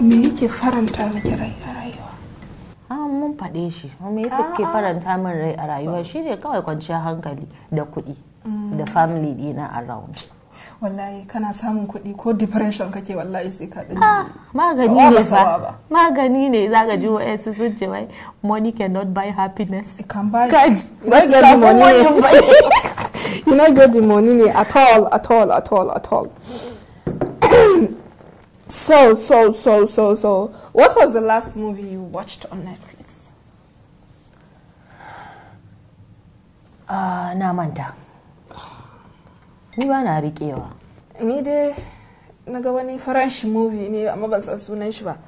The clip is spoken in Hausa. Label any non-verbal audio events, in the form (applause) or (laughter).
me yake faranta miki rai a rayuwa an mun faɗe shi me yake faranta min rai a rayuwa shine kawai kwanciyar hankali da kuɗi mm. da family dina a round wallahi kana samun kuɗi ko depression kake wallahi sai ka dinga ah, magani ne fa magani ne za ka ji wa'ansu sun ce wai money cannot buy happiness it can buy Guys, why get the money (laughs) (laughs) you not get the money at all at all at all at all So, so, so, so, so, what was the last movie you watched on Netflix? Uh, na manta. Ni na riƙewa. Ni dai na movie ni amma ban sunan shi ba.